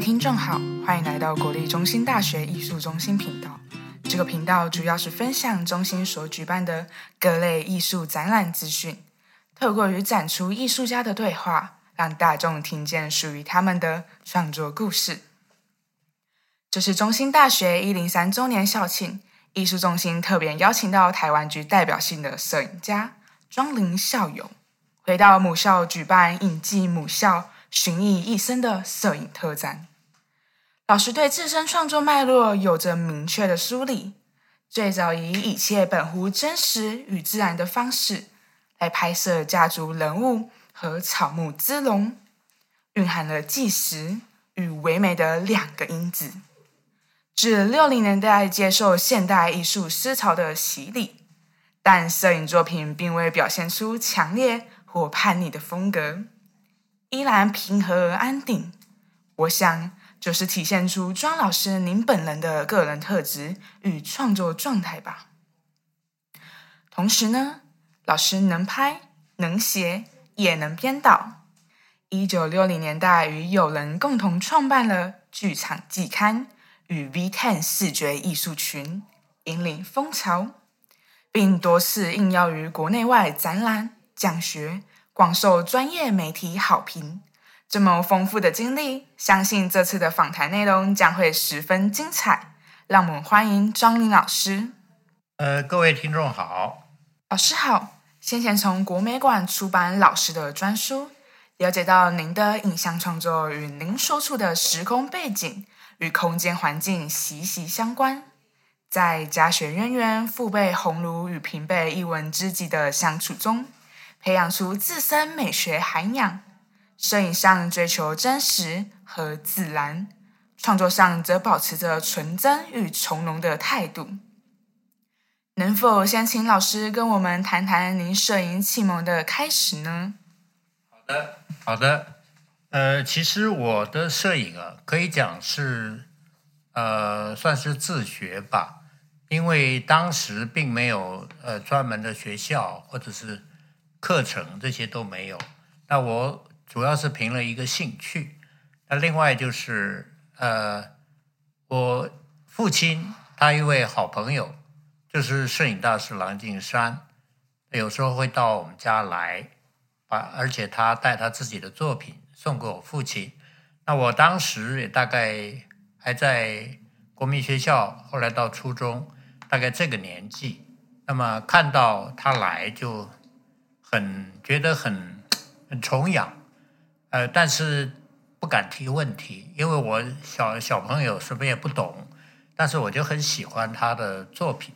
聽眾好，歡迎來到國立中興大學藝術中心頻道。這個頻道主要是分享中心所舉辦的各類藝術展覽資訊，透過與展出藝術家的對話，讓大眾聽見屬於他們的創作故事。這是中興大學一零三周年校慶，藝術中心特別邀請到台灣具代表性的攝影家莊靈校友，回到母校舉辦“影紀母校，尋藝一生”的攝影特展。老師對自身創作脈絡有着明確的梳理，最早以一切本乎真實與自然的方式來拍攝家族人物和草木之龍，蘊含了紀實與唯美的兩個因子。至六零年代接受現代藝術思潮的洗禮，但攝影作品並未表現出強烈或叛逆的風格，依然平和而安定。我想。就是體現出莊老師您本人的個人特質與創作狀態吧。同時呢，老師能拍能寫也能編導。一九六零年代與友人共同創辦了劇場季刊與 V-10 視覺藝術群，引領風潮，並多次應邀於國內外展覽、講學，廣受專業媒體好評。這麼豐富的經歷，相信這次的訪談內容將會十分精彩。讓我們歡迎莊靈老師。呃，各位聽眾好，老師好。先前從國美館出版老師的專書，了解到您的影像創作與您所處的時空背景與空間環境息息相關。在家學淵源、父輩鴻儒與平輩藝文知己的相處中，培養出自身美學涵養。攝影上追求真實和自然，創作上則保持着純真與從容的態度。能否先請老師跟我們談談您攝影啟蒙的開始呢？好的，好的。呃，其實我的攝影啊，可以講是呃，算是自學吧，因為當時並沒有呃專門的學校或者是課程，這些都沒有。那我。主要是憑了一個興趣，那另外就是呃，我父親他一位好朋友，就是攝影大師郎靜山，有時候會到我們家來，把而且他帶他自己的作品送給我父親。那我當時也大概還在國民學校，後來到初中，大概這個年紀，那麼看到他來就很覺得很很崇仰。呃，但是不敢提問題，因為我小小朋友什麼也不懂，但是我就很喜歡他的作品，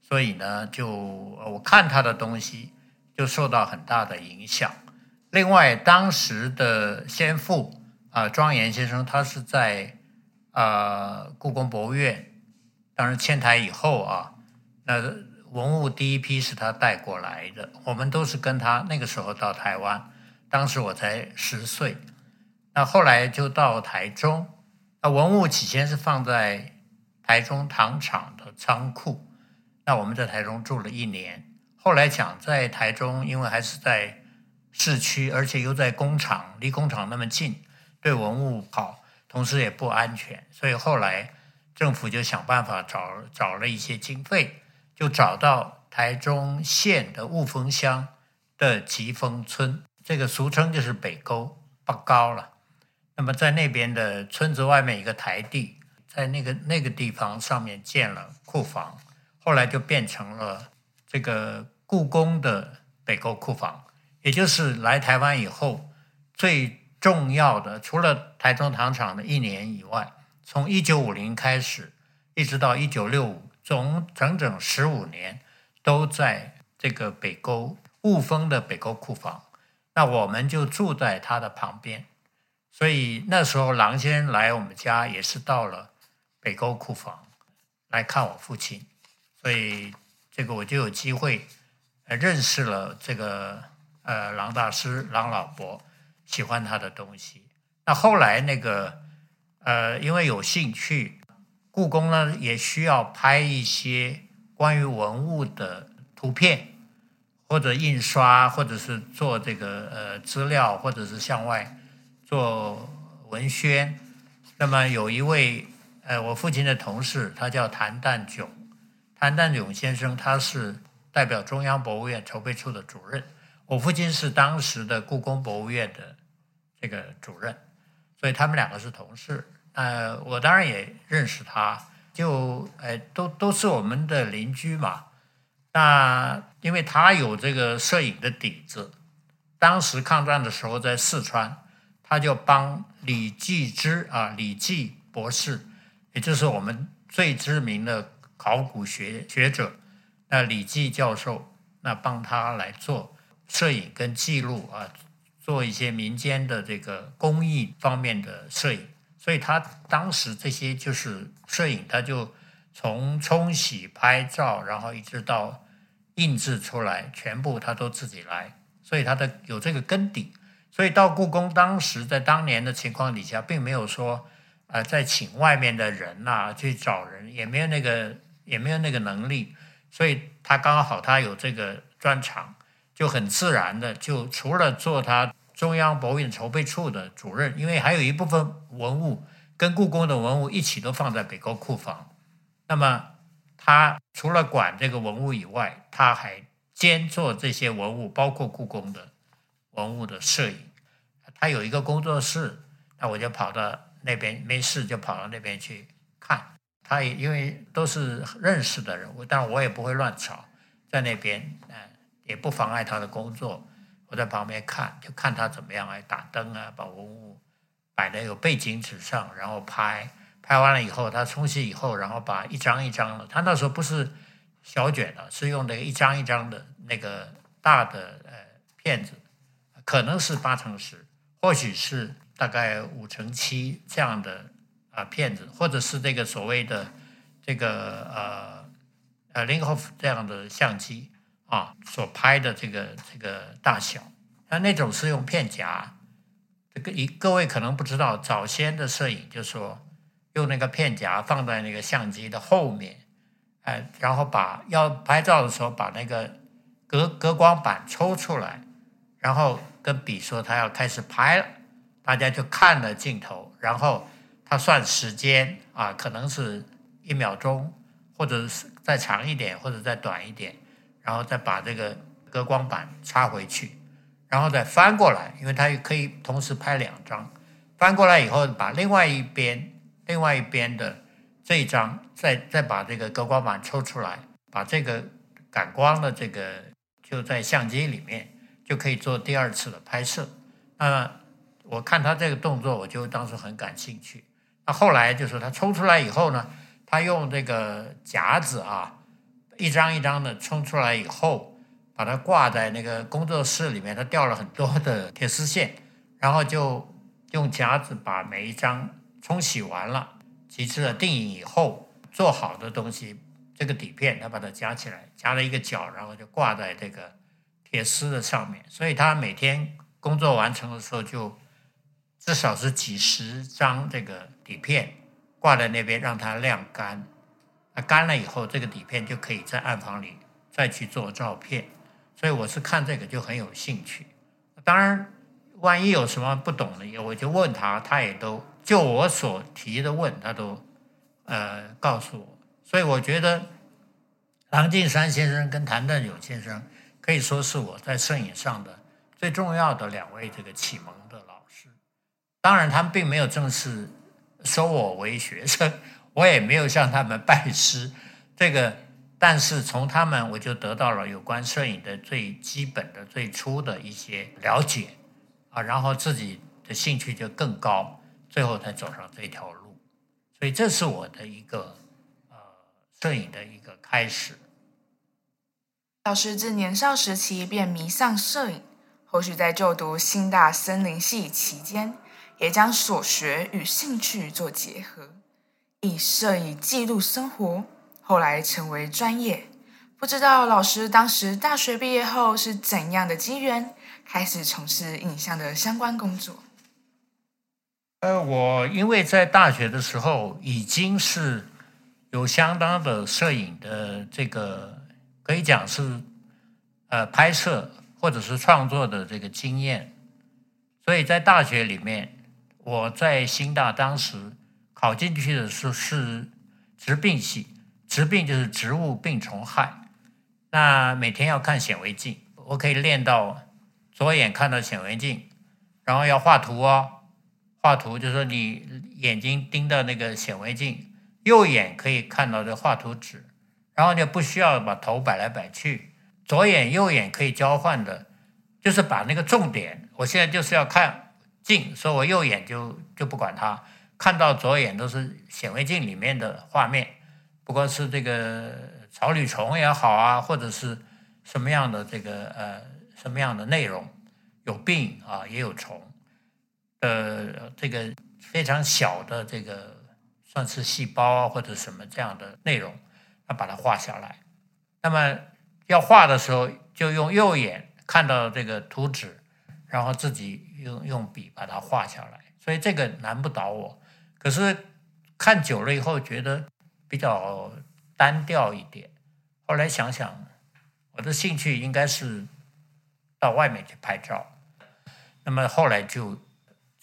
所以呢，就我看他的東西就受到很大的影響。另外，當時的先父啊、呃，莊嚴先生，他是在啊、呃、故宮博物院，當時遷台以後啊，那文物第一批是他帶過來的，我們都是跟他那個時候到台灣。當時我才十歲，那後來就到台中。那文物起先是放在台中糖廠的倉庫。那我們在台中住了一年。後來講在台中，因為還是在市區，而且又在工廠，離工廠那麼近，對文物好，同時也不安全。所以後來政府就想辦法找，找了一些經費，就找到台中縣的霧峰鄉的吉峰村。這個俗稱就是北溝八高了。那麼在那邊的村子外面一個台地，在那個那個地方上面建了庫房，後來就變成了這個故宮的北溝庫房。也就是來台灣以後最重要的，除了台中糖廠的一年以外，從一九五零開始一直到一九六五，總整整十五年都在這個北溝，霧峰的北溝庫房。那我們就住在他的旁邊，所以那時候郎先生來我們家也是到了北溝庫房來看我父親，所以這個我就有機會認識了這個呃郎大師、郎老伯，喜歡他的東西。那後來那個呃，因為有興趣，故宮呢也需要拍一些關於文物的圖片。或者印刷，或者是做這個呃資料，或者是向外做文宣。那麼有一位呃，我父親的同事，他叫譚旦冏。譚旦冏先生，他是代表中央博物院籌備處的主任。我父親是當時的故宮博物院的這個主任，所以他們兩個是同事。呃，我當然也認識他，就呃，都都是我們的鄰居嘛。那。因為他有這個攝影的底子，當時抗戰的時候在四川，他就幫李濟之啊，李濟博士，也就是我們最知名的考古學學者，那李濟教授，那幫他來做攝影跟記錄啊，做一些民間的這個工藝方面的攝影，所以他當時這些就是攝影，他就從沖洗拍照，然後一直到。印製出來，全部他都自己來，所以他的有這個根底，所以到故宮當時在當年的情況底下，並沒有說啊、呃、再請外面的人吶、啊、去找人，也沒有那個也沒有那個能力，所以他剛好他有這個專長，就很自然的就除了做他中央博物院籌備處的主任，因為還有一部分文物跟故宮的文物一起都放在北溝庫房，那麼。他除了管這個文物以外，他還兼做這些文物，包括故宮的文物的攝影。他有一個工作室，那我就跑到那邊，沒事就跑到那邊去看。他也因為都是認識的人物，但我也不會亂吵，在那邊嗯也不妨礙他的工作。我在旁邊看，就看他怎麼樣啊，打燈啊，把文物擺在有背景紙上，然後拍。拍完了以後，他沖洗以後，然後把一張一張的，他那時候不是小卷的，是用那個一張一張的那個大的呃片子，可能是八乘十，或許是大概五乘七這樣的啊片子，或者是這個所謂的這個呃呃 Linhof 這樣的相機啊，所拍的這個這個大小，那那種是用片夾，這個一各位可能不知道，早先的攝影就說。用那個片夾放在那個相機的後面，哎，然後把要拍照的時候把那個隔隔光板抽出來，然後跟比說他要開始拍了，大家就看了鏡頭，然後他算時間啊，可能是一秒鐘，或者是再長一點，或者再短一點，然後再把這個隔光板插回去，然後再翻過來，因為他也可以同時拍兩張，翻過來以後把另外一邊。另外一邊的這一張再，再再把這個隔光板抽出來，把這個感光的這個就在相機裡面，就可以做第二次的拍攝。那我看他這個動作，我就當時很感興趣。那後來就是他抽出來以後呢，他用這個夾子啊，一張一張的抽出來以後，把它掛在那個工作室裡面，他吊了很多的鐵絲線，然後就用夾子把每一張。沖洗完了，其次了定影以後做好的東西，這個底片他把它夾起來，夾了一個角，然後就掛在這個鐵絲的上面。所以他每天工作完成的時候，就至少是幾十張這個底片掛在那邊讓它晾乾。乾了以後，這個底片就可以在暗房裡再去做照片。所以我是看這個就很有興趣。當然，萬一有什麼不懂的，我就問他，他也都。就我所提的問，他都呃告訴我，所以我覺得郎靜山先生跟譚盾勇先生可以說是我在攝影上的最重要的兩位這個啟蒙的老師。當然，他們並沒有正式收我為學生，我也沒有向他們拜師。這個，但是從他們我就得到了有關攝影的最基本的、最初的一些了解啊，然後自己的興趣就更高。最後才走上這條路，所以這是我的一個呃攝影的一個開始。老師自年少時期便迷上攝影，或許在就讀興大森林系期間，也將所學與興趣做結合，以攝影記錄生活，後來成為專業，不知道老師當時大學畢業後是怎樣的機緣，開始從事影像的相關工作？呃，我因為在大學的時候已經是有相當的攝影的這個，可以講是呃拍攝或者是創作的這個經驗，所以在大學裡面，我在興大當時考進去的是是植病系，植病就是植物病蟲害，那每天要看顯微鏡，我可以練到左眼看到顯微鏡，然後要畫圖哦。畫圖就是說，你眼睛盯着那個顯微鏡，右眼可以看到的畫圖紙，然後你不需要把頭擺來擺去，左眼右眼可以交換的，就是把那個重點，我現在就是要看鏡，所以我右眼就就不管它，看到左眼都是顯微鏡裡面的畫面，不過是這個草履蟲也好啊，或者是什麼樣的這個呃什麼樣的內容，有病啊也有蟲。呃，這個非常小的這個算是細胞啊或者什麼這樣的內容，他把它畫下來。那麼要畫的時候，就用右眼看到這個圖紙，然後自己用用筆把它畫下來。所以這個難不倒我。可是看久了以後，覺得比較單調一點。後來想想，我的興趣應該是到外面去拍照。那麼後來就。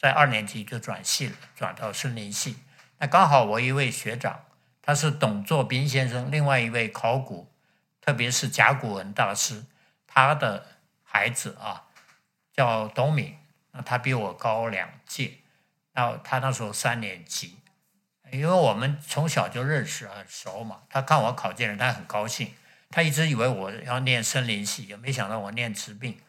在二年級就轉系了，轉到森林系。那剛好我一位學長，他是董作賓先生另外一位考古，特別是甲骨文大師，他的孩子啊叫董敏。他比我高兩屆，那他那時候三年級，因為我們從小就認識很熟嘛。他看我考進了，他很高興。他一直以為我要念森林系，也沒想到我念植病。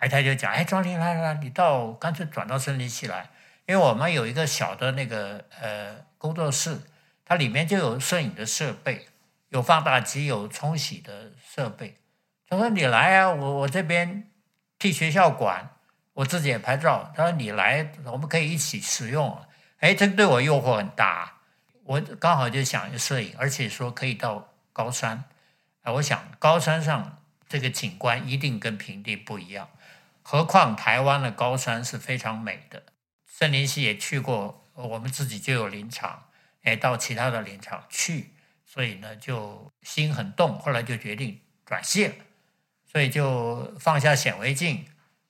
哎，他就講，哎，莊靈，來來來，你到乾脆轉到森林系來，因為我們有一個小的那個呃工作室，它裡面就有攝影的設備，有放大機，有沖洗的設備。他說你來啊，我我這邊替學校管，我自己也拍照。他說你來，我們可以一起使用。哎，這對我誘惑很大，我剛好就想攝影，而且說可以到高山，哎，我想高山上這個景觀一定跟平地不一樣。何況台灣的高山是非常美的，森林系也去過，我們自己就有林場，也到其他的林場去，所以呢就心很動，後來就決定轉系了，所以就放下顯微鏡，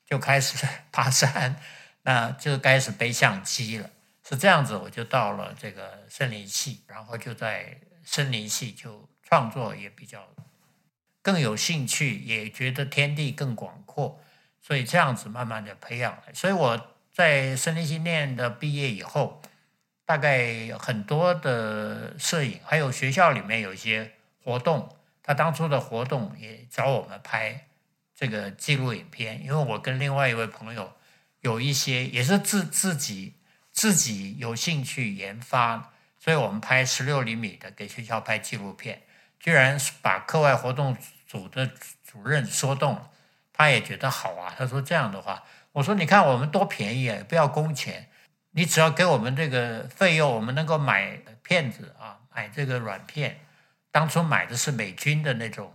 就開始爬山，那就開始背相機了，是這樣子。我就到了這個森林系，然後就在森林系就創作也比較更有興趣，也覺得天地更廣闊。所以這樣子慢慢的培養，所以我在森林系唸的畢業以後，大概很多的攝影，還有學校裡面有一些活動，他當初的活動也找我們拍這個紀錄影片，因為我跟另外一位朋友有一些也是自自己自己有興趣研發，所以我們拍十六釐米的給學校拍紀錄片，居然把課外活動組的主任說動了。他也覺得好啊，他說這樣的話，我說你看我們多便宜啊，不要工錢，你只要給我們這個費用，我們能夠買片子啊，買這個軟片。當初買的是美軍的那種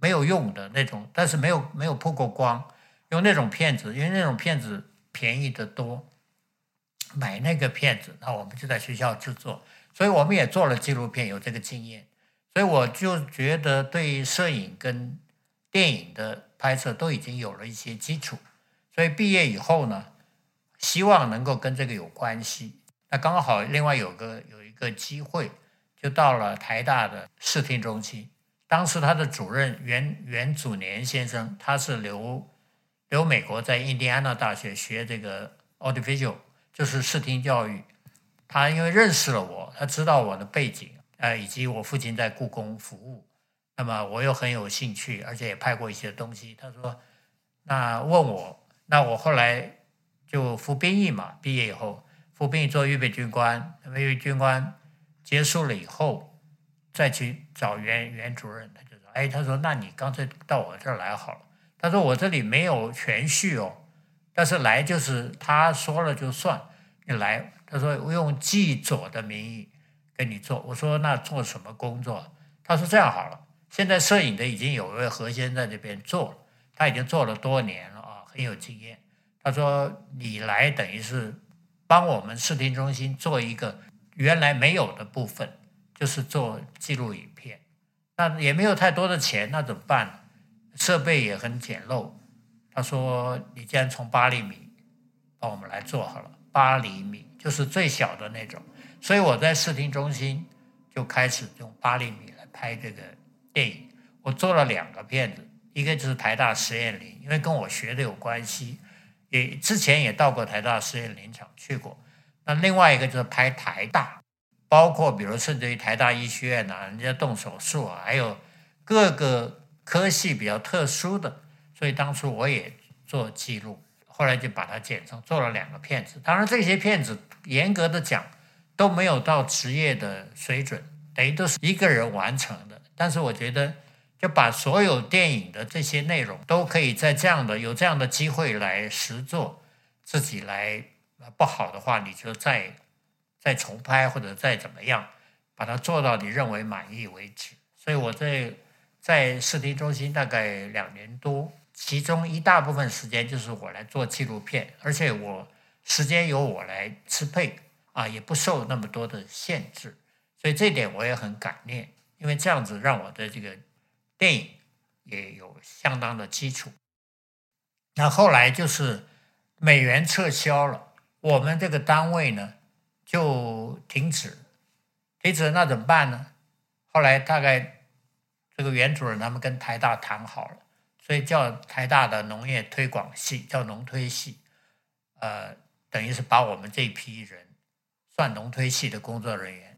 沒有用的那種，但是沒有沒有破過光，用那種片子，因為那種片子便宜得多，買那個片子，那我們就在學校制作，所以我們也做了紀錄片，有這個經驗，所以我就覺得對於攝影跟電影的拍攝都已經有了一些基礎，所以畢業以後呢，希望能夠跟這個有關係。那剛好另外有個有一個機會，就到了台大的視聽中心。當時他的主任袁袁祖年先生，他是留留美國在印第安納大學學這個 audiovisual，就是視聽教育。他因為認識了我，他知道我的背景，呃，以及我父親在故宮服務。那麼我又很有興趣，而且也拍過一些東西。他說：“那問我，那我後來就服兵役嘛，畢業以後服兵役做預備軍官。預備軍官結束了以後，再去找原原主任。他就說：‘哎，他說那你乾脆到我這兒來好了。’他說我這裡沒有全序哦，但是來就是他說了就算你來。他說我用記者的名義跟你做。我說那做什麼工作？他說這樣好了。”現在攝影的已經有位何先生在這邊做了，他已經做了多年了啊，很有經驗。他說：“你來等於是幫我們視聽中心做一個原來沒有的部分，就是做紀錄影片。那也沒有太多的錢，那怎麼辦呢？設備也很簡陋。他說：‘你既然從八厘米幫我們來做好了，八厘米就是最小的那種。’所以我在視聽中心就開始用八厘米來拍這個。”電影，我做了兩個片子，一個就是台大實驗林，因為跟我學的有關係，也之前也到過台大實驗林場去過。那另外一個就是拍台大，包括比如甚至於台大醫學院啊，人家動手術啊，還有各個科系比較特殊的，所以當初我也做記錄，後來就把它剪成做了兩個片子。當然這些片子嚴格的講都沒有到職業的水準，等於都是一個人完成的。但是我覺得，就把所有電影的這些內容都可以在這樣的，有這樣的機會來實作，自己來，不好的話你就再再重拍或者再怎麼樣，把它做到你認為滿意為止。所以我在在視聽中心大概兩年多，其中一大部分時間就是我來做紀錄片，而且我時間由我來支配，啊，也不受那麼多的限制，所以這點我也很感念。因為這樣子讓我的這個電影也有相當的基礎。那後來就是美元撤銷了，我們這個單位呢就停止，停止那怎麼辦呢？後來大概這個袁主任他們跟台大談好了，所以叫台大的農業推廣系叫農推系，呃，等於是把我們這批人算農推系的工作人員。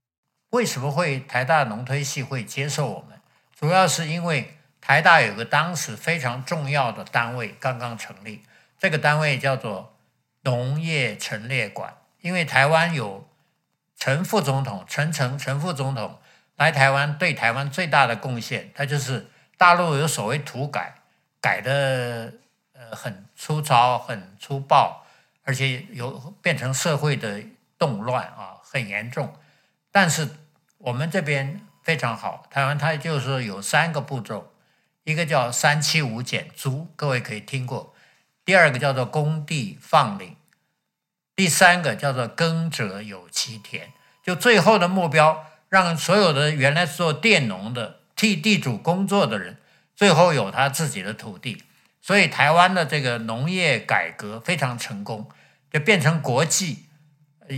為什麼會台大農推系會接受我們？主要是因為台大有個當時非常重要的單位剛剛成立，這個單位叫做農業陳列館。因為臺灣有陳副總統、陳誠，陳副總統來臺灣對臺灣最大的貢獻，他就是大陸有所謂土改，改的呃很粗糙，很粗暴，而且有變成社會的動亂啊，很嚴重。但是我們這邊非常好，台灣它就是有三個步驟，一個叫“三七五減租”，各位可以聽過；第二個叫做“公地放領”；第三個叫做“耕者有其田”。就最後的目標，讓所有的原來是做佃農的、替地主工作的人，最後有他自己的土地。所以台灣的這個農業改革非常成功，就變成國際。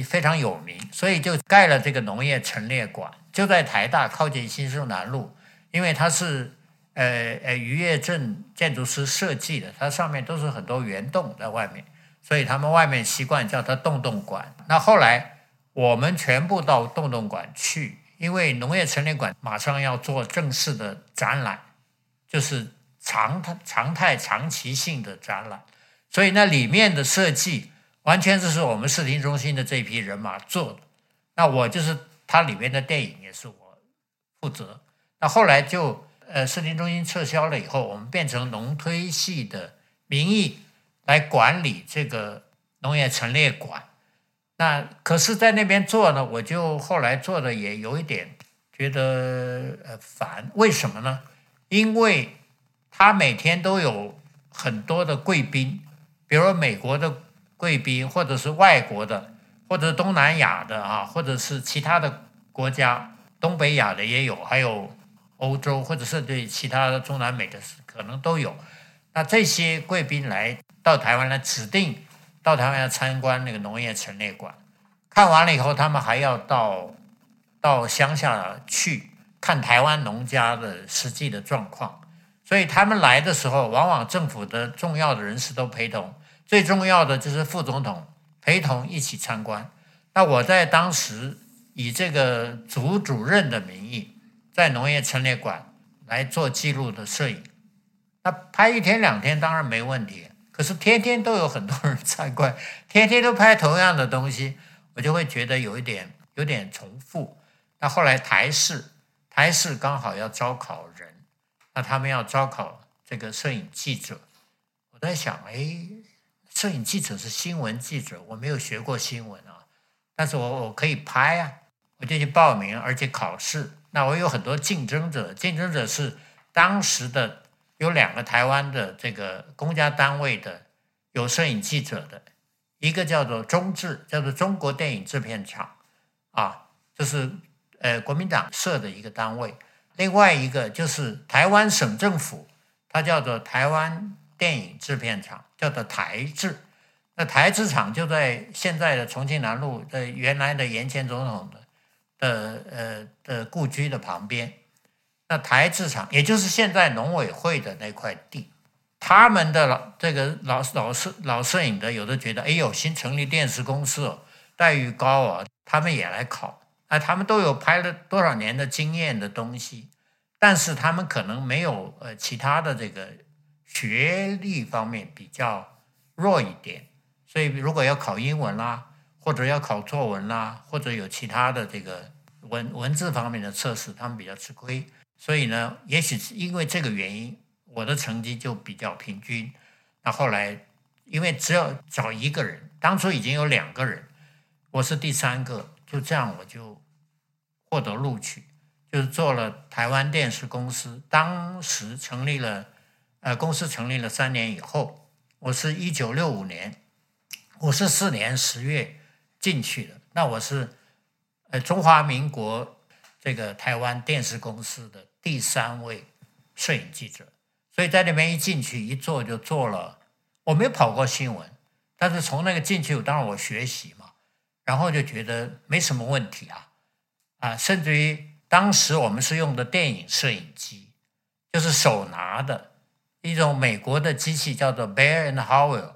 非常有名，所以就蓋了這個農業陳列館，就在台大靠近新生南路。因為它是，呃呃，漁業鎮建築師設計的，它上面都是很多圓洞在外面，所以他們外面習慣叫它“洞洞館”。那後來我們全部到洞洞館去，因為農業陳列館馬上要做正式的展覽，就是常態、常態、長期性的展覽，所以那裡面的設計。完全就是我們視聽中心的這一批人馬做的。那我就是它裡面的電影也是我負責。那後來就呃，視聽中心撤銷了以後，我們變成農推系的名義來管理這個農業陳列館。那可是，在那邊做呢，我就後來做的也有一點覺得呃煩。為什麼呢？因為他每天都有很多的貴賓，比如美國的。貴賓，或者是外國的，或者東南亞的啊，或者是其他的國家，東北亞的也有，還有歐洲，或者是對其他的中南美的可能都有。那這些貴賓來到台灣來指定到台灣來參觀那個農業陳列館，看完了以後，他們還要到到鄉下去看台灣農家的實際的狀況。所以他們來的時候，往往政府的重要的人士都陪同。最重要的就是副總統陪同一起參觀。那我在當時以這個組主任的名義，在農業陳列館來做記錄的攝影。那拍一天兩天當然沒問題，可是天天都有很多人參觀，天天都拍同樣的東西，我就會覺得有一點有點重複。那後來台視、台視剛好要招考人，那他們要招考這個攝影記者，我在想，哎。攝影記者是新聞記者，我沒有學過新聞啊，但是我我可以拍啊，我就去報名，而且考試。那我有很多競爭者，競爭者是當時的有兩個台灣的這個公家單位的有攝影記者的，一個叫做中制，叫做中國電影製片廠啊，就是呃國民黨設的一個單位，另外一個就是台灣省政府，它叫做台灣。電影製片廠叫做台製，那台製廠就在現在的重慶南路，在原來的嚴前總統的的呃的故居的旁邊。那台製廠也就是現在農委會的那塊地，他們的老這個老老攝老攝影的有的覺得，哎呦，新成立電視公司，待遇高啊，他們也來考。啊，他們都有拍了多少年的經驗的東西，但是他們可能沒有呃其他的這個。學歷方面比較弱一點，所以如果要考英文啦、啊，或者要考作文啦、啊，或者有其他的這個文文字方面的測試，他們比較吃虧。所以呢，也許是因為這個原因，我的成績就比較平均。那後來，因為只要找一個人，當初已經有兩個人，我是第三個，就這樣我就獲得錄取，就是做了台灣電視公司，當時成立了。呃，公司成立了三年以後，我是一九六五年，五十四年十月進去的。那我是，呃，中華民國這個台灣電視公司的第三位攝影記者，所以在那邊一進去一做就做了。我沒跑過新聞，但是從那個進去，當然我學習嘛，然後就覺得沒什麼問題啊啊，甚至於當時我們是用的電影攝影機，就是手拿的。一種美國的機器叫做 Bell and Howell，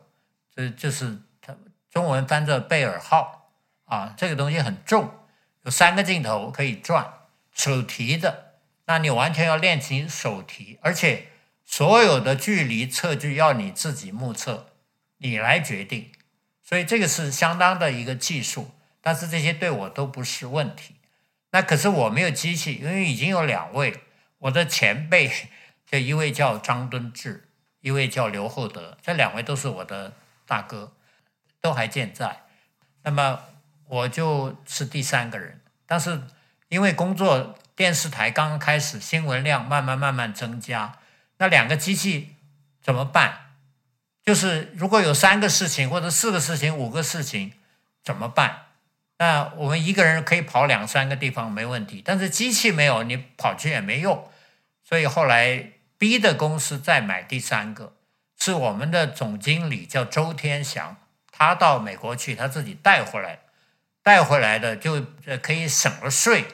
這就是它中文翻作貝爾號啊，這個東西很重，有三個鏡頭可以轉，手提的，那你完全要練琴，手提，而且所有的距離測距要你自己目測，你來決定，所以這個是相當的一個技術，但是這些對我都不是問題。那可是我沒有機器，因為已經有兩位我的前輩。就一位叫張敦志，一位叫劉厚德，這兩位都是我的大哥，都還健在。那麼我就是第三個人，但是因為工作，電視台剛剛開始，新聞量慢慢慢慢增加，那兩個機器怎麼辦？就是如果有三個事情或者四個事情，五個事情怎麼辦？那我們一個人可以跑兩三個地方沒問題，但是機器沒有，你跑去也沒用。所以後來。B 的公司再買第三個，是我們的總經理叫周天祥，他到美國去，他自己帶回來，帶回來的就可以省了稅，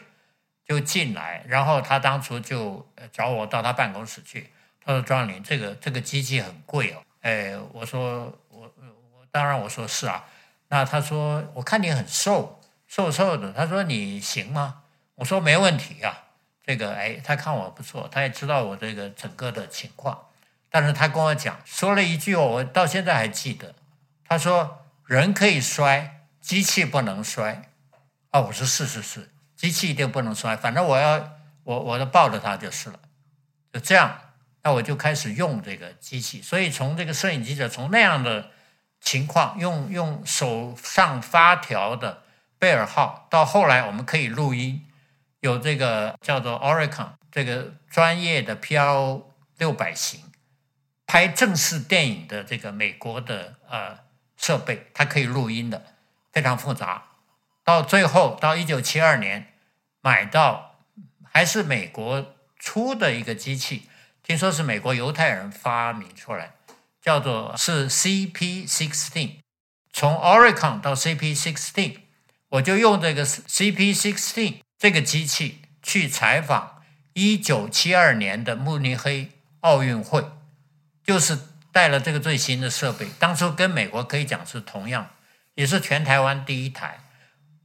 就進來。然後他當初就找我到他辦公室去，他說：“莊靈，這個這個機器很貴哦。”哎，我說我我當然我說是啊。那他說我看你很瘦，瘦瘦的。他說你行嗎？我說沒問題啊。這個哎，他看我不錯，他也知道我這個整個的情況，但是他跟我講說了一句我到現在還記得，他說，人可以摔，機器不能摔。啊、哦，我說是是是，機器一定不能摔，反正我要我我都抱着它就是了，就這樣，那我就開始用這個機器，所以從這個攝影記者從那樣的情況，用用手上發條的貝爾號，到後來我們可以錄音。有這個叫做 Auricon 這個專業的 Pro 六百型，拍正式電影的這個美國的呃設備，它可以錄音的，非常複雜。到最後到一九七二年，買到還是美國出的一個機器，聽說是美國猶太人發明出來，叫做是 CP Sixteen。從 Auricon 到 CP Sixteen，我就用這個 CP Sixteen。這個機器去採訪一九七二年的慕尼黑奧運會，就是帶了這個最新的設備。當初跟美國可以講是同樣，也是全台灣第一台。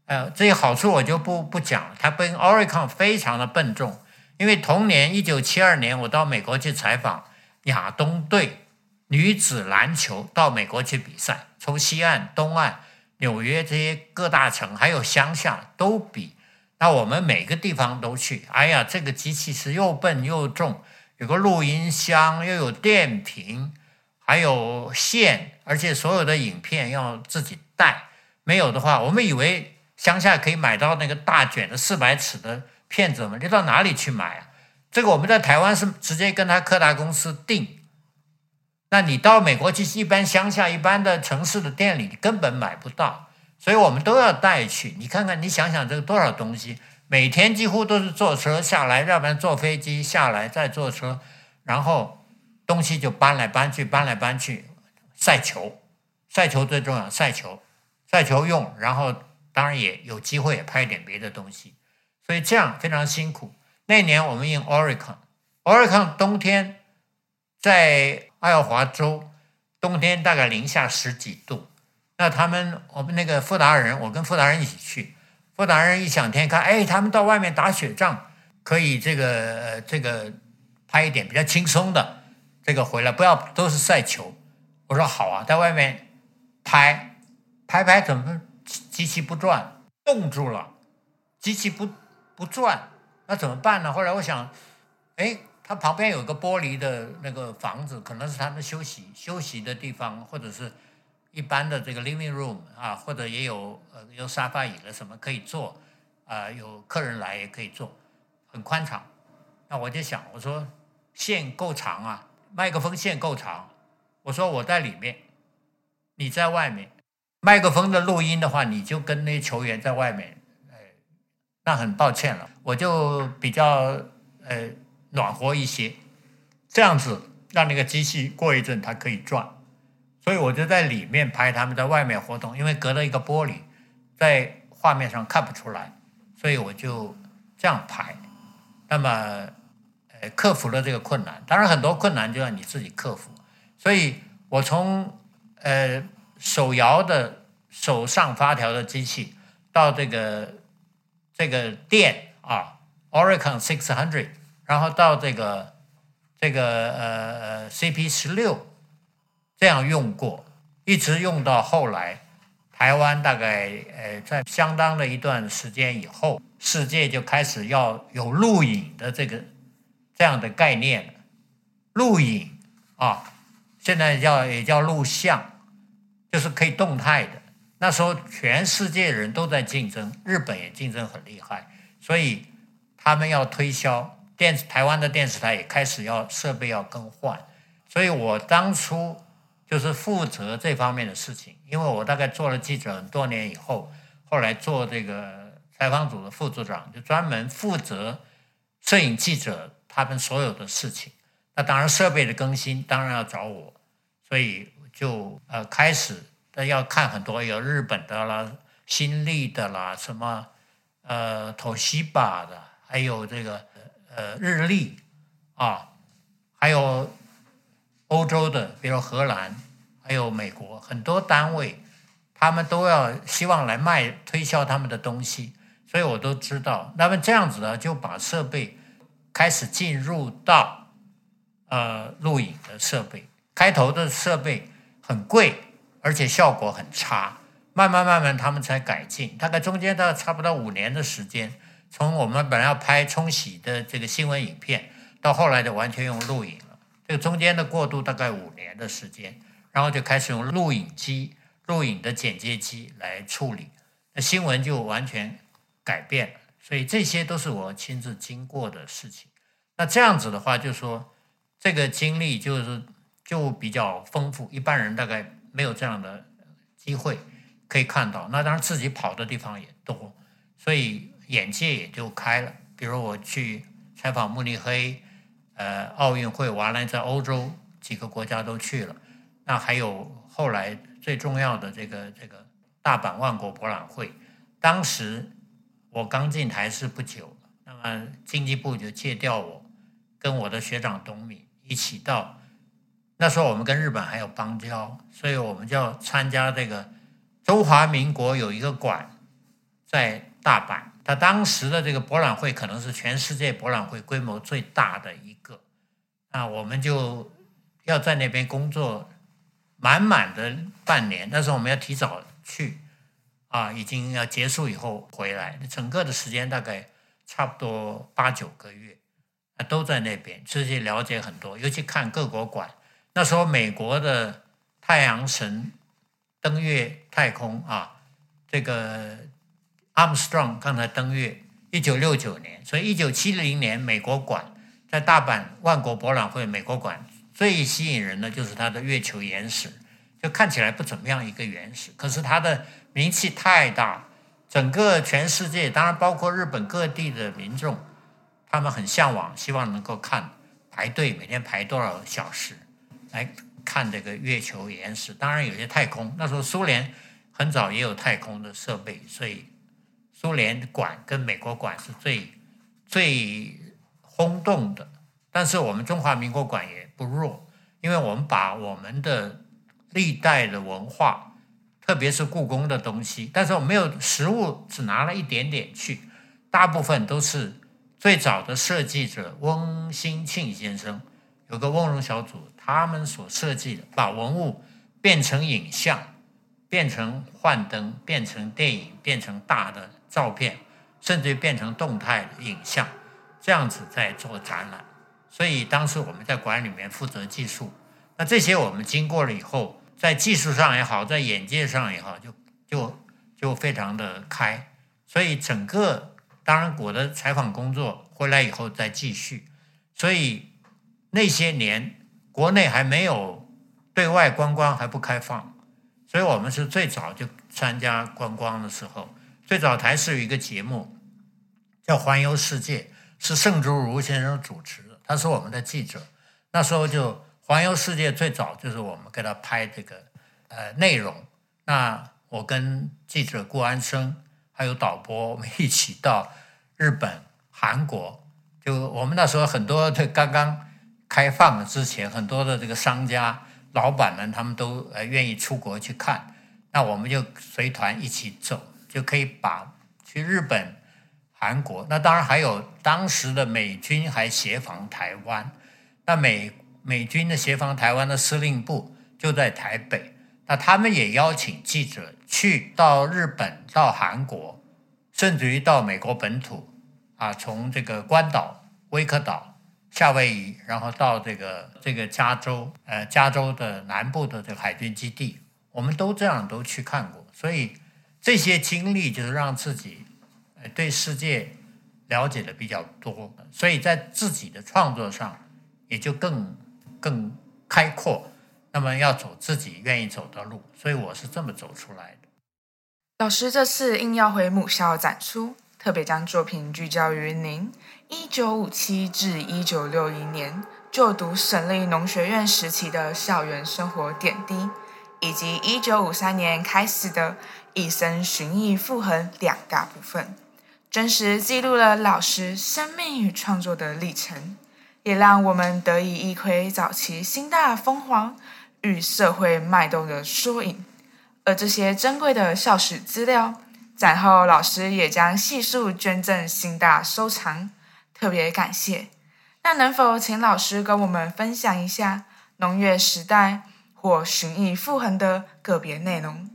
呃，這些好處我就不不講了。它跟 Auricon 非常的笨重，因為同年一九七二年，我到美國去採訪亞東隊女子籃球，到美國去比賽，從西岸、東岸、紐約這些各大城，還有鄉下都比。那我們每個地方都去，哎呀，這個機器是又笨又重，有個錄音箱，又有電瓶，還有線，而且所有的影片要自己帶。沒有的話，我們以為鄉下可以買到那個大卷的四百尺的片子嘛，你到哪裡去買啊？這個我們在台灣是直接跟他柯達公司訂。那你到美國去，一般鄉下、一般的城市的店裡，你根本買不到。所以我們都要帶去。你看看，你想想，這個多少東西？每天幾乎都是坐車下來，要不然坐飛機下來，再坐車，然後東西就搬來搬去，搬來搬去。賽球，賽球最重要。賽球，賽球用。然後當然也有機會也拍點別的東西。所以這樣非常辛苦。那年我們用 Oricon，Oricon 冬天在愛荷華州，冬天大概零下十幾度。那他們，我們那個傅達仁，我跟傅達仁一起去。傅達仁異想天開，哎，他們到外面打雪仗，可以這個這個拍一點比較輕鬆的，這個回來不要都是賽球。我說好啊，在外面拍，拍拍怎麼機器不轉，凍住了，機器不不轉，那怎麼辦呢？後來我想，哎，他旁邊有個玻璃的那個房子，可能是他們休息休息的地方，或者是。一般的這個 living room 啊，或者也有呃有沙發椅子什麼可以坐啊、呃，有客人來也可以坐，很寬敞。那我就想，我說線夠長啊，麥克風線夠長。我說我在裡面，你在外面。麥克風的錄音的話，你就跟那球員在外面。哎、呃，那很抱歉了，我就比較呃暖和一些，這樣子讓那個機器過一陣它可以轉。所以我就在裡面拍，他們在外面活動，因為隔着一個玻璃，在畫面上看不出來，所以我就這樣拍。那麼，呃，克服了這個困難，當然很多困難就要你自己克服。所以，我從呃手搖的、手上發條的機器，到這個這個電啊，Oricon six hundred，然後到這個這個呃 CP 十六。CP16，這樣用過，一直用到後來，台灣大概呃在相當的一段時間以後，世界就開始要有錄影的這個這樣的概念了。錄影啊，現在叫也叫錄像，就是可以動態的。那時候全世界人都在競爭，日本也競爭很厲害，所以他們要推銷電台灣的電視台也開始要設備要更換，所以我當初。就是負責這方面的事情，因為我大概做了記者很多年以後，後來做這個採訪組的副組長，就專門負責攝影記者他們所有的事情。那當然設備的更新當然要找我，所以就呃開始，那要看很多有日本的啦、新力的啦、什麼呃、東芝的，還有這個呃日立，啊，還有。歐洲的，比如荷蘭，還有美國，很多單位，他們都要希望來賣推銷他們的東西，所以我都知道。那麼這樣子呢，就把設備開始進入到呃錄影的設備。開頭的設備很貴，而且效果很差。慢慢慢慢，他們才改進。大概中間的差不多五年的時間，從我們本來要拍沖洗的這個新聞影片，到後來的完全用錄影。這中間的過渡大概五年的時間，然後就開始用錄影機、錄影的剪接機來處理，那新聞就完全改變。所以這些都是我親自經過的事情。那這樣子的話，就說這個經歷就是就比較豐富，一般人大概沒有這樣的機會可以看到。那當然自己跑的地方也多，所以眼界也就開了。比如我去採訪慕尼黑。呃，奧運會完了，在歐洲幾個國家都去了。那還有後來最重要的這個這個大阪萬國博覽會，當時我剛進台視不久，那麼經濟部就借調我跟我的學長董敏一起到。那時候我們跟日本還有邦交，所以我們就要參加這個中華民國有一個館在大阪，他當時的這個博覽會可能是全世界博覽會規模最大的一。那，我們就要在那邊工作，滿滿的半年。那時候我們要提早去，啊，已經要結束以後回來。整個的時間大概差不多八九個月，啊、都在那邊，直接了解很多。尤其看各國館，那時候美國的太陽神登月太空啊，這個 Armstrong 剛才登月，一九六九年，所以一九七零年美國館。在大阪萬國博覽會，美國館最吸引人的就是它的月球岩石，就看起來不怎麼樣一個岩石，可是它的名氣太大，整個全世界，當然包括日本各地的民眾，他們很向往，希望能夠看，排隊每天排多少小時來看這個月球岩石。當然有些太空，那時候蘇聯很早也有太空的設備，所以蘇聯館跟美國館是最最。轟動的，但是我們中華民國館也不弱，因為我們把我們的歷代的文化，特別是故宮的東西，但是我沒有實物，只拿了一點點去，大部分都是最早的設計者翁新慶先生有個翁榮小組，他們所設計的，把文物變成影像，變成幻燈，變成電影，變成大的照片，甚至於變成動態的影像。這樣子在做展覽，所以當時我們在館裡面負責技術。那這些我們經過了以後，在技術上也好，在眼界上也好，就就就非常的開。所以整個當然我的採訪工作回來以後再繼續。所以那些年國內還沒有對外觀光還不開放，所以我們是最早就參加觀光的時候。最早台是有一個節目叫《環遊世界》。是盛竹如先生主持的，他是我們的記者。那時候就環遊世界，最早就是我們給他拍這個呃內容。那我跟記者顧安生還有導播，我們一起到日本、韓國。就我們那時候很多的剛剛開放之前，很多的這個商家老闆們他們都呃願意出國去看，那我們就隨團一起走，就可以把去日本。韓國，那當然還有當時的美軍還協防台灣，那美美軍的協防台灣的司令部就在台北，那他們也邀請記者去到日本、到韓國，甚至於到美國本土，啊，從這個關島、威克島、夏威夷，然後到這個這個加州，呃，加州的南部的這個海軍基地，我們都這樣都去看過，所以這些經歷就是讓自己，對世界了解的比較多，所以在自己的創作上也就更更開闊。那麼要走自己願意走的路，所以我是這麼走出來的。老師這次應邀回母校展出，特別將作品聚焦於您一九五七至一九六一年就讀省立農學院時期的校園生活點滴，以及一九五三年開始的一生尋藝履痕兩大部分。真實記錄了老師生命與創作的歷程，也讓我們得以一窺早期興大風華與社會脈動的縮影。而這些珍貴的校史資料，展後老師也將悉數捐贈興大收藏，特別感謝。那能否請老師跟我們分享一下《農業時代》或《尋藝履痕》的個別內容？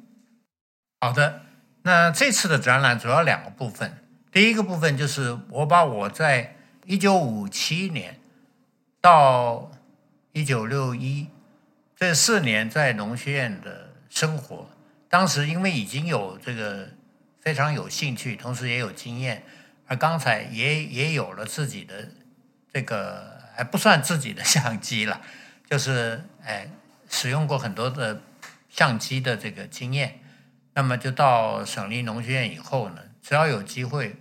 好的，那這次的展覽主要兩個部分。第一個部分就是我把我在一九五七年到一九六一這四年在農學院的生活，當時因為已經有這個非常有興趣，同時也有經驗，而剛才也也有了自己的這個還不算自己的相機了，就是哎使用過很多的相機的這個經驗，那麼就到省立農學院以後呢，只要有機會，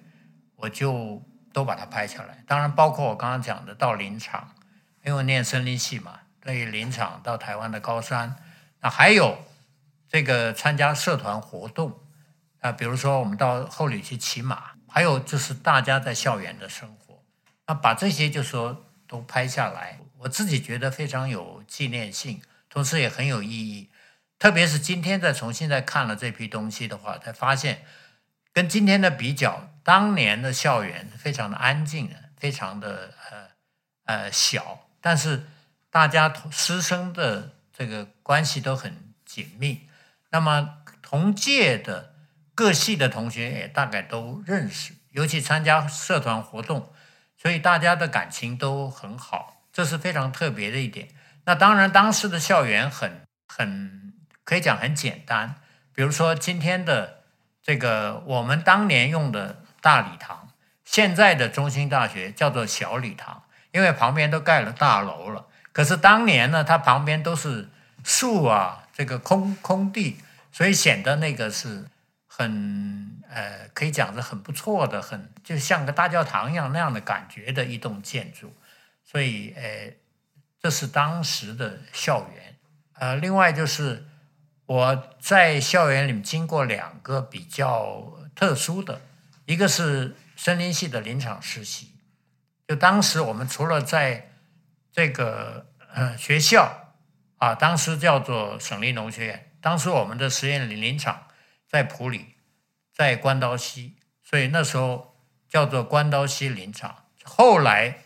我就都把它拍下來，當然包括我剛剛講的到林場，因為我念森林系嘛，那林場到台灣的高山，那還有這個參加社團活動，啊，比如說我們到后里去騎馬，還有就是大家在校園的生活，那把這些就說都拍下來，我自己覺得非常有紀念性，同時也很有意義，特別是今天再重新再看了這批東西的話，才發現跟今天的比較。當年的校園非常的安靜，非常的呃呃小，但是大家師生的這個關係都很緊密。那麼同屆的各系的同學也大概都認識，尤其參加社團活動，所以大家的感情都很好，這是非常特別的一點。那當然，當時的校園很很可以講很簡單，比如說今天的這個我們當年用的，大禮堂，現在的中興大學叫做小禮堂，因為旁邊都蓋了大樓了。可是當年呢，它旁邊都是樹啊，這個空空地，所以顯得那個是很呃，可以講是很不錯的，很就像個大教堂一樣那樣的感覺的一棟建築。所以呃，這是當時的校園。呃，另外就是我在校園裡面經過兩個比較特殊的。一個是森林系的林場實習，就當時我們除了在這個呃學校啊，當時叫做省立農學院，當時我們的實驗林林場在埔里，在關刀溪，所以那時候叫做關刀溪林場。後來，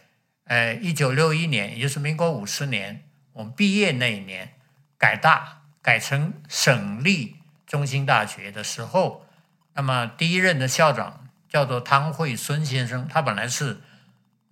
呃，一九六一年，也就是民國五十年，我們畢業那一年改大，改成省立中興大學的時候，那麼第一任的校長，叫做湯惠蓀先生，他本來是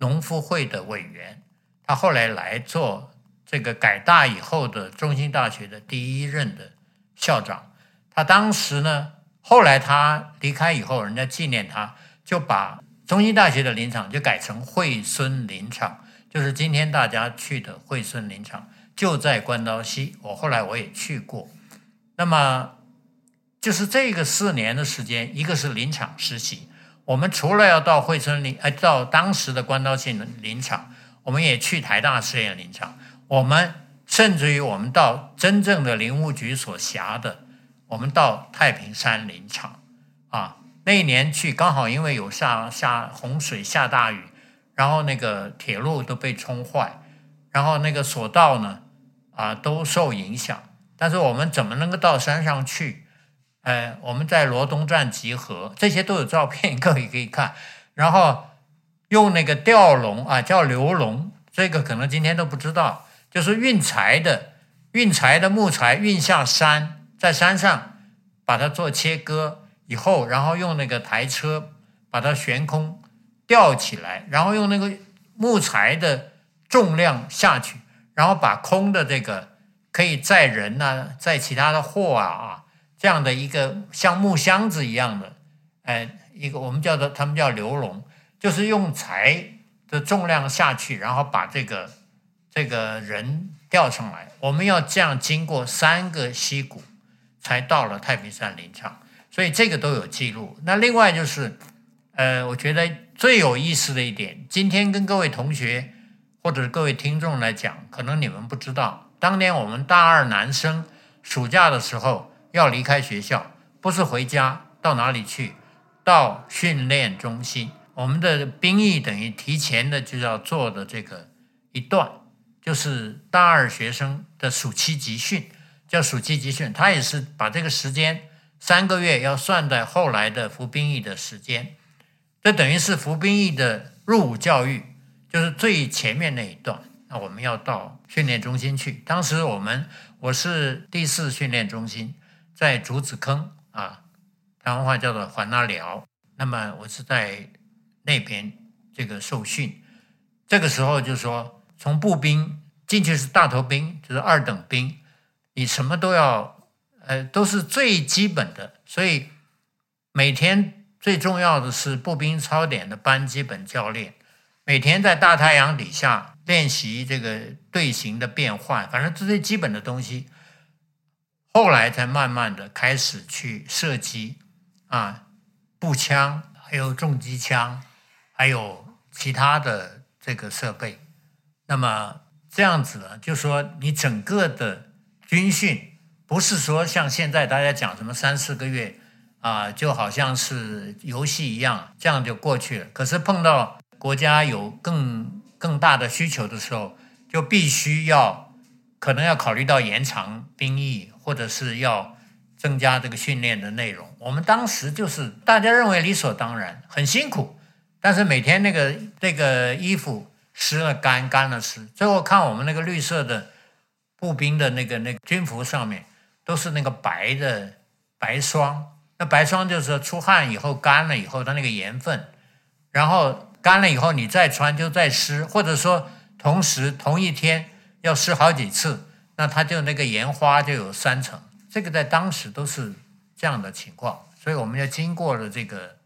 農復會的委員，他後來來做這個改大以後的中興大學的第一任的校長。他當時呢，後來他離開以後，人家紀念他，就把中興大學的林場就改成惠蓀林場，就是今天大家去的惠蓀林場，就在關刀溪。我後來我也去過。那麼就是這個四年的時間，一個是林場實習。我們除了要到惠蓀林，哎，到當時的關刀縣林場，我們也去台大實驗林場。我們甚至於我們到真正的林務局所轄的，我們到太平山林場。啊，那一年去，剛好因為有下下洪水，下大雨，然後那個鐵路都被沖壞，然後那個索道呢，啊，都受影響。但是我們怎麼能夠到山上去？呃、哎，我們在羅東站集合，這些都有照片，各位可以看。然後用那個吊籠啊，叫流籠，這個可能今天都不知道，就是運材的，運材的木材運下山，在山上把它做切割以後，然後用那個台車把它懸空吊起來，然後用那個木材的重量下去，然後把空的這個可以載人吶、啊，載其他的貨啊啊。這樣的一個像木箱子一樣的，哎、呃，一個我們叫做他們叫流籠，就是用柴的重量下去，然後把這個這個人吊上來。我們要這樣經過三個溪谷，才到了太平山林場，所以這個都有記錄。那另外就是，呃，我覺得最有意思的一點，今天跟各位同學或者各位聽眾來講，可能你們不知道，當年我們大二男生暑假的時候。要離開學校，不是回家，到哪裡去？到訓練中心。我們的兵役等於提前的就要做的這個一段，就是大二學生的暑期集訓，叫暑期集訓。他也是把這個時間三個月，要算在後來的服兵役的時間。這等於是服兵役的入伍教育，就是最前面那一段。那我們要到訓練中心去。當時我們，我是第四訓練中心。在竹子坑啊，台灣話叫做環那寮。那麼我是在那邊這個受訓。這個時候就是說，從步兵進去是大頭兵，就是二等兵，你什麼都要，呃，都是最基本的。所以每天最重要的是步兵操點的班基本教練，每天在大太陽底下練習這個隊形的變換，反正是最基本的東西。後來才慢慢的開始去設計，啊，步槍，還有重機槍，還有其他的這個設備。那麼這樣子呢，啊，就說你整個的軍訓，不是說像現在大家講什麼三四個月啊，就好像是遊戲一樣，這樣就過去了。可是碰到國家有更更大的需求的時候，就必須要。可能要考慮到延長兵役，或者是要增加這個訓練的內容。我們當時就是大家認為理所當然，很辛苦，但是每天那個那、這個衣服濕了乾，乾了濕。最後看我們那個綠色的步兵的那個那個軍服上面都是那個白的白霜，那白霜就是出汗以後乾了以後它那個鹽分，然後乾了以後你再穿就再濕，或者說同時同一天，要試好幾次，那他就那個鹽花就有三層，這個在當時都是這樣的情況，所以我們要經過了這個，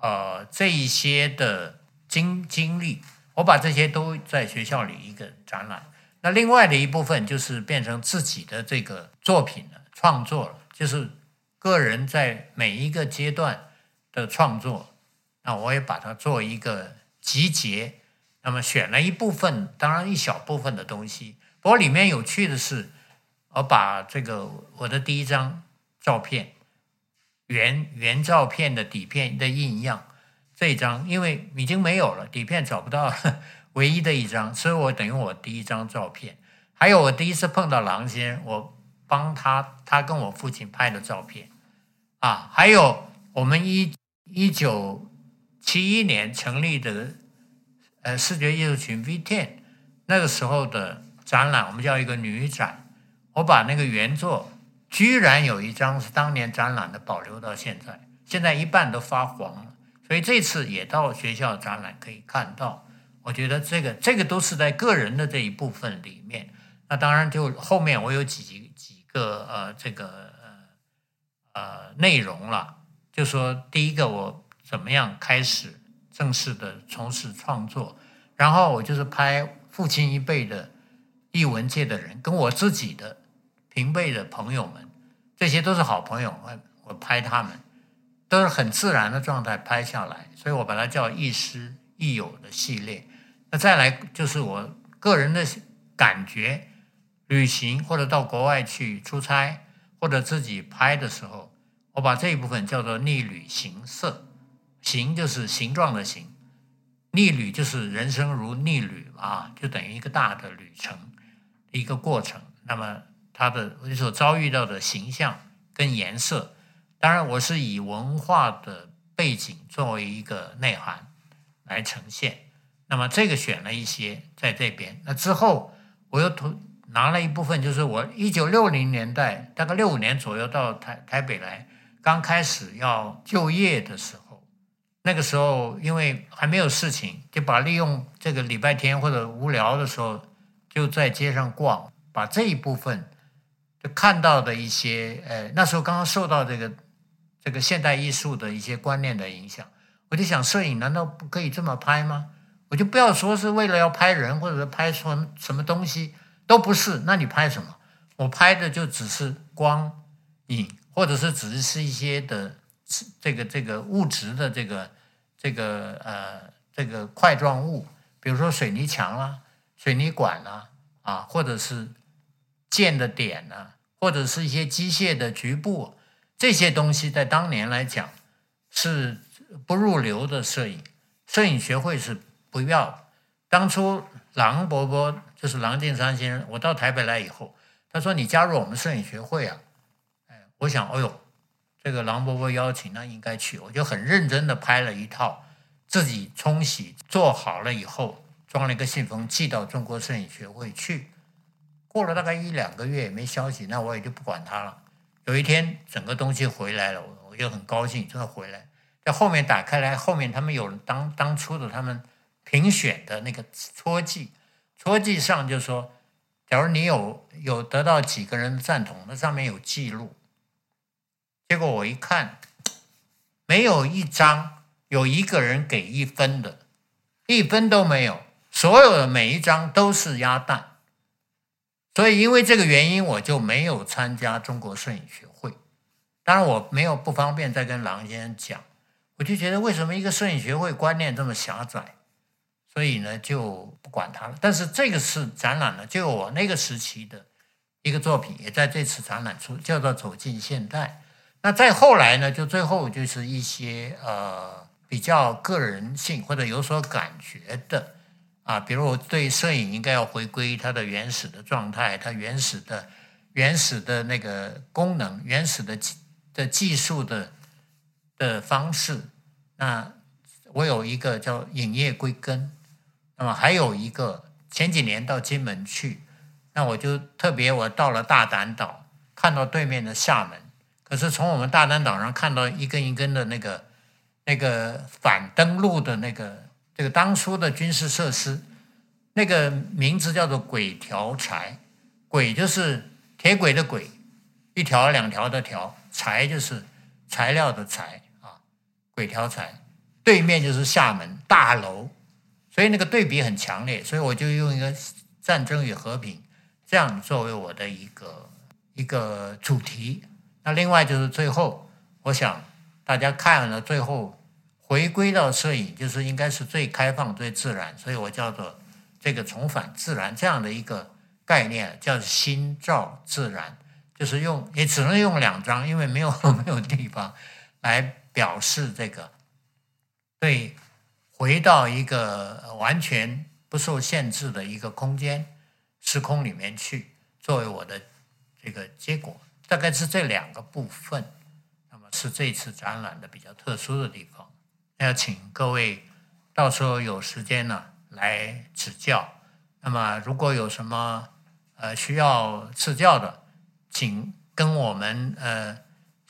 呃，這一些的經經歷，我把這些都在學校裡一個展覽。那另外的一部分就是變成自己的這個作品創作了，就是個人在每一個階段的創作，那我也把它做一個集結，那麼選了一部分，當然一小部分的東西。不過裡面有趣的是，我把這個我的第一張照片，原原照片的底片的印樣這張，因為已經沒有了底片，找不到，唯一的一張，所以我等於我第一張照片。還有我第一次碰到郎先，我幫他他跟我父親拍的照片啊，還有我們一一九七一年成立的呃視覺藝術群 V10 那個時候的。展覽，我們叫一個女展。我把那個原作，居然有一張是當年展覽的，保留到現在。現在一半都發黃了，所以這次也到學校展覽可以看到。我覺得這個這個都是在個人的這一部分裡面。那當然就後面我有幾幾個呃這個呃呃內容了，就說第一個我怎麼樣開始正式的從事創作，然後我就是拍父親一輩的藝文界的人，跟我自己的平輩的朋友們，這些都是好朋友。我我拍他們，都是很自然的狀態拍下來，所以我把它叫亦師亦友的系列。那再來就是我個人的感覺，旅行或者到國外去出差，或者自己拍的時候，我把這一部分叫做逆旅形色。形就是形狀的形，逆旅就是人生如逆旅啊，就等於一個大的旅程。一個過程，那麼它的所遭遇到的形象跟顏色，當然我是以文化的背景作為一個內涵來呈現。那麼這個選了一些在這邊，那之後我又拿了一部分，就是我一九六零年代大概六五年左右到台台北來，剛開始要就業的時候，那個時候因為還沒有事情，就把利用這個禮拜天或者無聊的時候。就在街上逛，把這一部分就看到的一些，呃、哎，那時候剛剛受到這個這個現代藝術的一些觀念的影響，我就想，攝影難道不可以這麼拍嗎？我就不要說是為了要拍人，或者拍什什麼東西都不是，那你拍什麼？我拍的就只是光影，或者是只是是一些的這個、這個、這個物質的這個這個呃這個塊狀物，比如說水泥牆啦、啊。水泥管吶、啊，啊，或者是建的點吶、啊，或者是一些機械的局部，這些東西在當年來講是不入流的攝影。攝影學會是不要的。當初郎伯伯就是郎靜山先生，我到台北來以後，他說你加入我們攝影學會啊，哎，我想，哎呦，這個郎伯伯邀請，那應該去，我就很認真的拍了一套，自己沖洗做好了以後。裝了一個信封，寄到中國攝影學會去。過了大概一兩個月，也沒消息，那我也就不管他了。有一天，整個東西回來了，我我就很高興，真的回來。在後面打開來，後面他們有當當初的他們評選的那個戳記，戳記上就說，假如你有有得到幾個人贊同，那上面有記錄。結果我一看，沒有一張，有一個人給一分的，一分都沒有。所有的每一張都是鴨蛋，所以因為這個原因，我就沒有參加中國攝影學會。當然，我沒有不方便再跟郎先生講。我就覺得，為什麼一個攝影學會觀念這麼狹窄？所以呢，就不管他了。但是這個是展覽呢，就我那個時期的一個作品也在這次展覽出，叫做《走進現代》。那再後來呢，就最後就是一些呃比較個人性或者有所感覺的。啊，比如我對攝影應該要回歸它的原始的狀態，它原始的、原始的那個功能、原始的技的技術的的方式。那我有一個叫“影葉歸根”。那麼還有一個，前幾年到金門去，那我就特別，我到了大膽島，看到對面的廈門，可是從我們大膽島上看到一根一根的那個那個反登陸的那個。這個當初的軍事設施，那個名字叫做「軌條材」，軌就是鐵軌的軌，一條兩條的條，材就是材料的材啊。軌條材，對面就是廈門大樓，所以那個對比很強烈。所以我就用一個《戰爭與和平》這樣作為我的一個一個主題。那另外就是最後，我想大家看了最後。回歸到攝影，就是應該是最開放、最自然，所以我叫做這個“重返自然”這樣的一個概念，叫“心照自然”，就是用也只能用兩張，因為沒有沒有地方來表示這個。對，回到一個完全不受限制的一個空間、時空裡面去，作為我的這個結果，大概是這兩個部分。那麼是這次展覽的比較特殊的地方。要請各位到時候有時間呢、啊、來指教。那麼，如果有什麼呃需要賜教的，請跟我們呃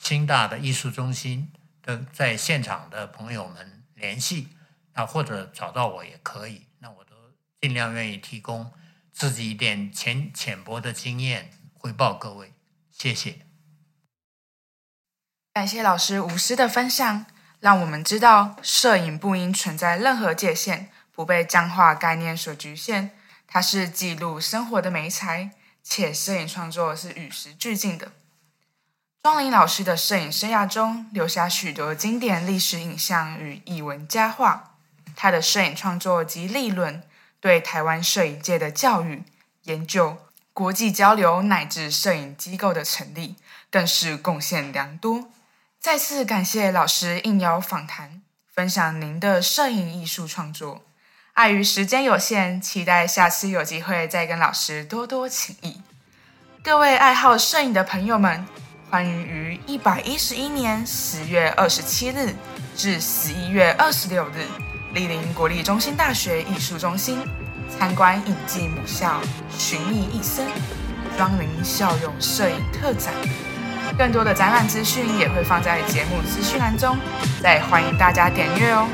興大的藝術中心的在現場的朋友們聯繫，那或者找到我也可以。那我都盡量願意提供自己一點淺淺薄的經驗，回報各位。謝謝。感謝老師無私的分享。讓我們知道，攝影不應存在任何界限，不被僵化概念所局限。它是記錄生活的媒材，且攝影創作是與時俱進的。莊靈老師的攝影生涯中，留下許多經典歷史影像與藝文佳話。他的攝影創作及立論，對台灣攝影界的教育、研究、國際交流乃至攝影機構的成立，更是貢獻良多。再次感謝老師應邀訪談，分享您的攝影藝術創作。礙於時間有限，期待下次有機會再跟老師多多請益。各位愛好攝影的朋友們，歡迎於一百一十一年十月二十七日至十一月二十六日，蒞臨國立中興大學藝術中心，參觀影紀母校、尋藝一生、莊靈校友攝影特展。更多的展覽資訊也會放在節目資訊欄中，再歡迎大家點閱哦。